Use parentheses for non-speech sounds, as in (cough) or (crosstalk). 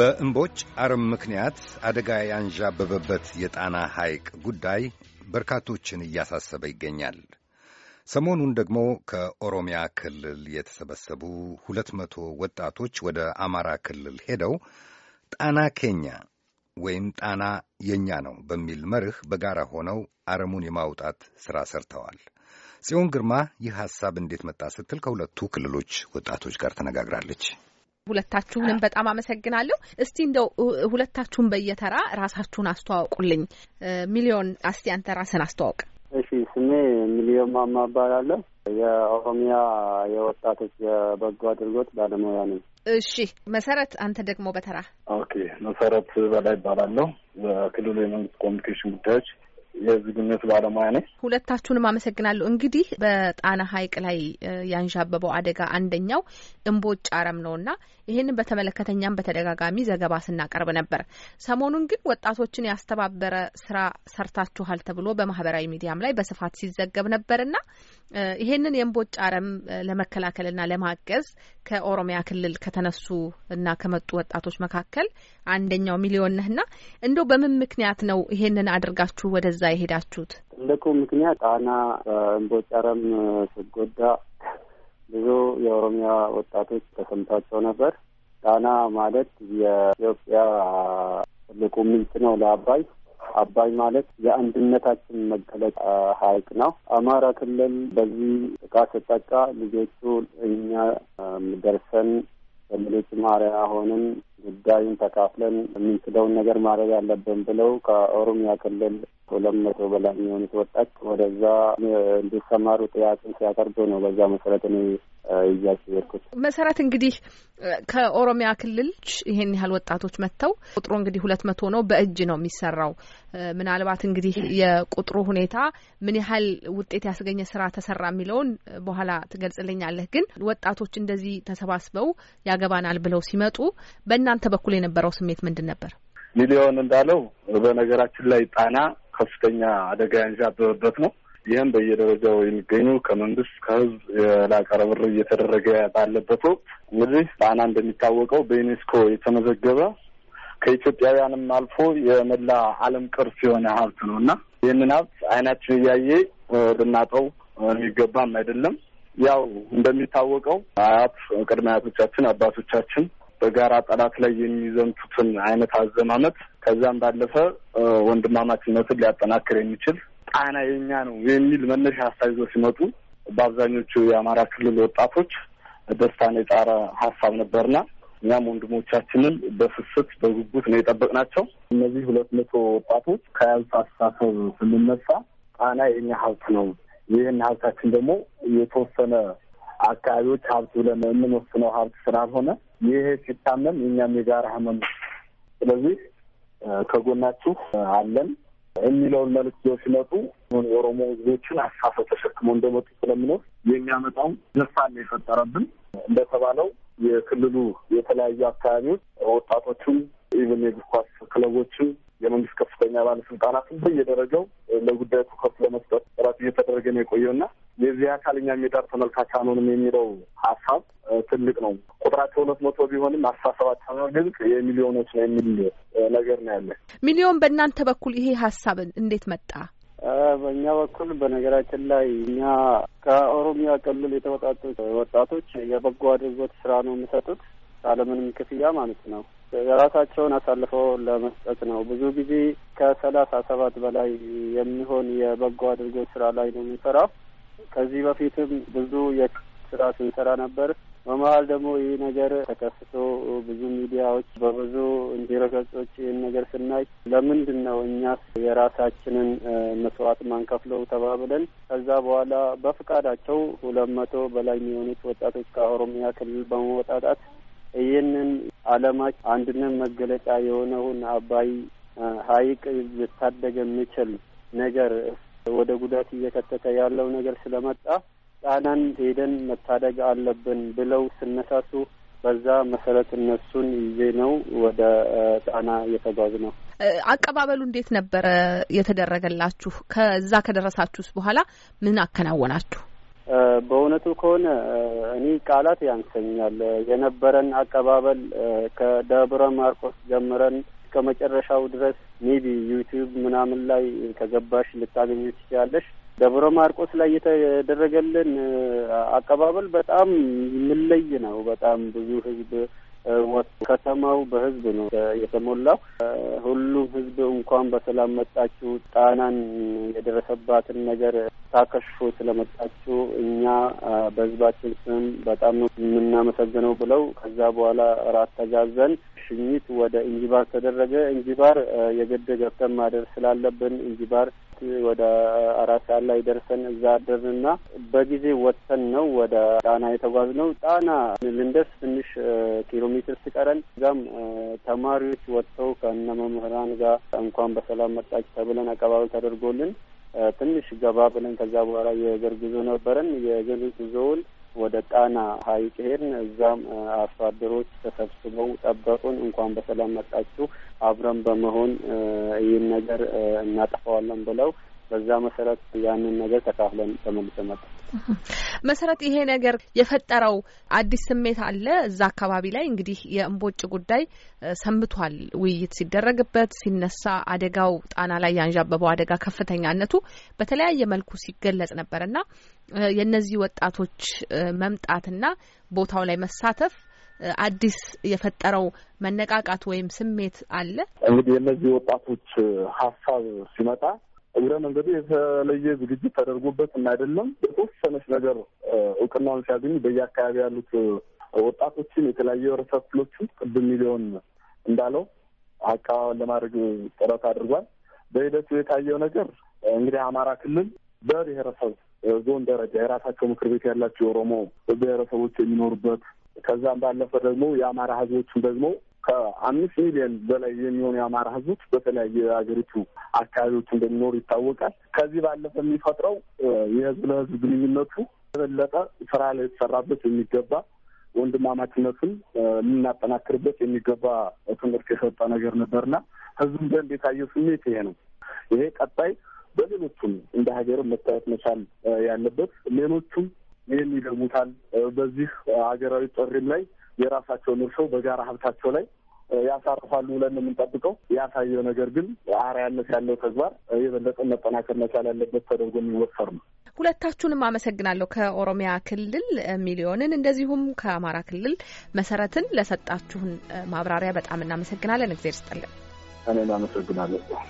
በእምቦጭ አረም ምክንያት አደጋ ያንዣበበበት የጣና ሐይቅ ጉዳይ በርካቶችን እያሳሰበ ይገኛል። ሰሞኑን ደግሞ ከኦሮሚያ ክልል የተሰበሰቡ ሁለት መቶ ወጣቶች ወደ አማራ ክልል ሄደው ጣና ኬኛ ወይም ጣና የኛ ነው በሚል መርህ በጋራ ሆነው አረሙን የማውጣት ሥራ ሰርተዋል። ጽዮን ግርማ ይህ ሐሳብ እንዴት መጣ ስትል ከሁለቱ ክልሎች ወጣቶች ጋር ተነጋግራለች። ሁለታችሁንም በጣም አመሰግናለሁ። እስቲ እንደው ሁለታችሁን በየተራ ራሳችሁን አስተዋውቁልኝ። ሚሊዮን አስቲ አንተ ራስን አስተዋውቅ። እሺ፣ ስሜ ሚሊዮን ማማ እባላለሁ። የኦሮሚያ የወጣቶች የበጎ አድርጎት ባለሙያ ነኝ። እሺ መሰረት፣ አንተ ደግሞ በተራ ኦኬ። መሰረት በላይ እባላለሁ። በክልሉ የመንግስት ኮሚኒኬሽን ጉዳዮች የዝግነት ባለሙያ ነች። ሁለታችሁንም አመሰግናለሁ። እንግዲህ በጣና ሐይቅ ላይ ያንዣበበው አደጋ አንደኛው እምቦጭ አረም ነውና ይህንን በተመለከተኛም በተደጋጋሚ ዘገባ ስናቀርብ ነበር። ሰሞኑን ግን ወጣቶችን ያስተባበረ ስራ ሰርታችኋል ተብሎ በማህበራዊ ሚዲያም ላይ በስፋት ሲዘገብ ነበርና ይህንን የእምቦጭ አረም ለመከላከልና ለማገዝ ከኦሮሚያ ክልል ከተነሱ እና ከመጡ ወጣቶች መካከል አንደኛው ሚሊዮን ነህና እንደው በምን ምክንያት ነው ይሄንን አድርጋችሁ ወደዛ የሄዳችሁት? ትልቁ ምክንያት ጣና በእምቦጭ አረም ብዙ የኦሮሚያ ወጣቶች ተሰምቷቸው ነበር። ጣና ማለት የኢትዮጵያ ትልቁ ምንጭ ነው ለአባይ አባይ ማለት የአንድነታችን መገለጫ ሐይቅ ነው። አማራ ክልል በዚህ ጥቃት ስጠቃ ልጆቹ እኛ ደርሰን በሌሎች ማሪያ ሆንን ጉዳዩን ተካፍለን የምንችለውን ነገር ማድረግ አለብን ብለው ከኦሮሚያ ክልል ሁለት መቶ በላይ የሚሆኑት ወጣት ወደዛ እንዲሰማሩ ጥያቄ ሲያቀርቡ ነው። በዛ መሰረት እኔ ይዣቸው መሰረት እንግዲህ ከኦሮሚያ ክልል ይሄን ያህል ወጣቶች መጥተው ቁጥሩ እንግዲህ ሁለት መቶ ነው። በእጅ ነው የሚሰራው። ምናልባት እንግዲህ የቁጥሩ ሁኔታ ምን ያህል ውጤት ያስገኘ ስራ ተሰራ የሚለውን በኋላ ትገልጽልኛለህ። ግን ወጣቶች እንደዚህ ተሰባስበው ያገባናል ብለው ሲመጡ በእናንተ በኩል የነበረው ስሜት ምንድን ነበር? ሚሊዮን እንዳለው በነገራችን ላይ ጣና ከፍተኛ አደጋ ያንዣበበበት ነው። ይህም በየደረጃው የሚገኙ ከመንግስት ከህዝብ የላቀ ርብርብ እየተደረገ ባለበት ወቅት እንግዲህ ጣና እንደሚታወቀው በዩኔስኮ የተመዘገበ ከኢትዮጵያውያንም አልፎ የመላ ዓለም ቅርስ የሆነ ሀብት ነው እና ይህንን ሀብት አይናችን እያየ ልናጠው የሚገባም አይደለም። ያው እንደሚታወቀው አያት ቅድመ አያቶቻችን አባቶቻችን በጋራ ጠላት ላይ የሚዘምቱትን አይነት አዘማመት ከዛም ባለፈ ወንድማማችነትን ሊያጠናክር የሚችል ጣና የኛ ነው የሚል መነሻ ሀሳብ ይዞ ሲመጡ በአብዛኞቹ የአማራ ክልል ወጣቶች ደስታን የጫረ ሀሳብ ነበርና እኛም ወንድሞቻችንን በስስት በጉጉት ነው የጠበቅናቸው። እነዚህ ሁለት መቶ ወጣቶች ከያዙት አስተሳሰብ ስንነሳ ጣና የኛ ሀብት ነው፣ ይህን ሀብታችን ደግሞ የተወሰነ አካባቢዎች ሀብት ብለን የምንወስነው ሀብት ስላልሆነ ይህ ሲታመም የኛም የጋራ ህመም፣ ስለዚህ ከጎናችሁ አለን የሚለውን መልዕክት ይዘው ሲመጡ የኦሮሞ ህዝቦችን አሳፈ ተሸክሞ እንደመጡ ስለምኖር የሚያመጣው ደስታን የፈጠረብን እንደተባለው የክልሉ የተለያዩ አካባቢዎች ወጣቶቹም ኢቨን የእግር ኳስ ክለቦችም የመንግስት ከፍተኛ ባለስልጣናትን በየደረጃው ለጉዳዩ ትኩረት ለመስጠት ጥረት እየተደረገ ነው የቆየው እና የዚህ አካል እኛም የዳር ተመልካች አንሆንም የሚለው ሀሳብ ትልቅ ነው። ቁጥራቸው ሁለት መቶ ቢሆንም አስተሳሰባቸው ግን የሚሊዮኖች ነው የሚል ነገር ነው ያለ። ሚሊዮን በእናንተ በኩል ይሄ ሀሳብ እንዴት መጣ? በእኛ በኩል በነገራችን ላይ እኛ ከኦሮሚያ ክልል የተወጣጡ ወጣቶች የበጎ አድርጎት ስራ ነው የሚሰጡት አለምንም ክፍያ ማለት ነው። የራሳቸውን አሳልፈው ለመስጠት ነው። ብዙ ጊዜ ከሰላሳ ሰባት በላይ የሚሆን የበጎ አድርጎት ስራ ላይ ነው የሚሰራው ከዚህ በፊትም ብዙ የስራ ስንሰራ ነበር። በመሀል ደግሞ ይህ ነገር ተከስቶ ብዙ ሚዲያዎች በብዙ ድረገጾች ይህን ነገር ስናይ ለምንድን ነው እኛስ የራሳችንን መስዋዕት ማንከፍለው ተባብለን ከዛ በኋላ በፍቃዳቸው ሁለት መቶ በላይ የሚሆኑት ወጣቶች ከኦሮሚያ ክልል በመወጣጣት ይህንን አለማች አንድነት መገለጫ የሆነውን አባይ ሀይቅ ልታደግ የሚችል ነገር ወደ ጉዳት እየከተተ ያለው ነገር ስለመጣ ጣናን ሄደን መታደግ አለብን ብለው ስነሳሱ በዛ መሰረት እነሱን ይዜ ነው ወደ ጣና እየተጓዝ ነው። አቀባበሉ እንዴት ነበረ የተደረገላችሁ? ከዛ ከደረሳችሁስ በኋላ ምን አከናወናችሁ? በእውነቱ ከሆነ እኔ ቃላት ያንሰኛል። የነበረን አቀባበል ከደብረ ማርቆስ ጀምረን እስከ መጨረሻው ድረስ ሜቢ ዩቲዩብ ምናምን ላይ ከገባሽ ልታገኙ ትችያለሽ። ደብረ ማርቆስ ላይ የተደረገልን አቀባበል በጣም የምለይ ነው። በጣም ብዙ ህዝብ ወጥቶ ከተማው በህዝብ ነው የተሞላው። ሁሉም ህዝብ እንኳን በሰላም መጣችሁ፣ ጣናን የደረሰባትን ነገር ታከሽፎ ስለመጣችሁ እኛ በህዝባችን ስም በጣም ነው የምናመሰግነው ብለው ከዛ በኋላ እራት ተጋዘን። ሽኝት ወደ እንጅባር ተደረገ። እንጅባር የግድ ገብተን ማደር ስላለብን እንጅባር ወደ አራት ሰዓት ላይ ደርሰን እዛ አደርንና በጊዜ ወጥተን ነው ወደ ጣና የተጓዝ ነው። ጣና ልንደርስ ትንሽ ኪሎ ሜትር ሲቀረን እዛም ተማሪዎች ወጥተው መምህራን ጋር እንኳን በሰላም መጣች ተብለን አቀባበል ተደርጎልን ትንሽ ገባ ብለን ከዛ በኋላ የእግር ጉዞ ነበረን። የእግር ጉዞውን ወደ ጣና ሐይቅ ሄድን። እዛም አርሶ አደሮች ተሰብስበው ጠበቁን። እንኳን በሰላም መጣችሁ አብረን በመሆን ይህን ነገር እናጠፋዋለን ብለው በዛ መሰረት ያንን ነገር ተካፍለን ተመልሰ መጣ። (laughs) መሰረት ይሄ ነገር የፈጠረው አዲስ ስሜት አለ እዛ አካባቢ ላይ እንግዲህ የእምቦጭ ጉዳይ ሰምቷል። ውይይት ሲደረግበት ሲነሳ አደጋው ጣና ላይ ያንዣበበው አደጋ ከፍተኛነቱ በተለያየ መልኩ ሲገለጽ ነበርና የእነዚህ ወጣቶች መምጣትና ቦታው ላይ መሳተፍ አዲስ የፈጠረው መነቃቃት ወይም ስሜት አለ። እንግዲህ የእነዚህ ወጣቶች ሀሳብ ሲመጣ እግረ መንገዱ የተለየ ዝግጅት ተደርጎበት እናይደለም አይደለም ነገር እውቅናውን ሲያገኙ በየአካባቢ ያሉት ወጣቶችን የተለያዩ ህብረተሰብ ክፍሎችን ቅድም ሚሊዮን እንዳለው አካባቢውን ለማድረግ ጥረት አድርጓል። በሂደቱ የታየው ነገር እንግዲህ አማራ ክልል በብሔረሰብ ዞን ደረጃ የራሳቸው ምክር ቤት ያላቸው የኦሮሞ ብሔረሰቦች የሚኖሩበት ከዛም ባለፈ ደግሞ የአማራ ህዝቦችን ደግሞ ከአምስት ሚሊዮን በላይ የሚሆኑ የአማራ ህዝቦች በተለያዩ የሀገሪቱ አካባቢዎች እንደሚኖሩ ይታወቃል። ከዚህ ባለፈ የሚፈጥረው የህዝብ ለህዝብ ግንኙነቱ የበለጠ ስራ ላይ የተሰራበት የሚገባ ወንድማማችነቱን የምናጠናክርበት የሚገባ ትምህርት የሰጠ ነገር ነበርና ህዝቡም ዘንድ የታየው ስሜት ይሄ ነው። ይሄ ቀጣይ በሌሎቹም እንደ ሀገር መታየት መቻል ያለበት ሌሎቹም ይህን ይገሙታል። በዚህ ሀገራዊ ጥሪም ላይ የራሳቸውን እርሾ በጋራ ሀብታቸው ላይ ያሳርፋሉ ብለን የምንጠብቀው ያሳየው ነገር ግን አርአያነት ያለው ተግባር የበለጠ መጠናከር መቻል ያለበት ተደርጎ የሚወሰድ ነው። ሁለታችሁንም አመሰግናለሁ። ከኦሮሚያ ክልል ሚሊዮንን እንደዚሁም ከአማራ ክልል መሰረትን ለሰጣችሁን ማብራሪያ በጣም እናመሰግናለን። እግዜር ይስጥልን። እኔ አመሰግናለሁ።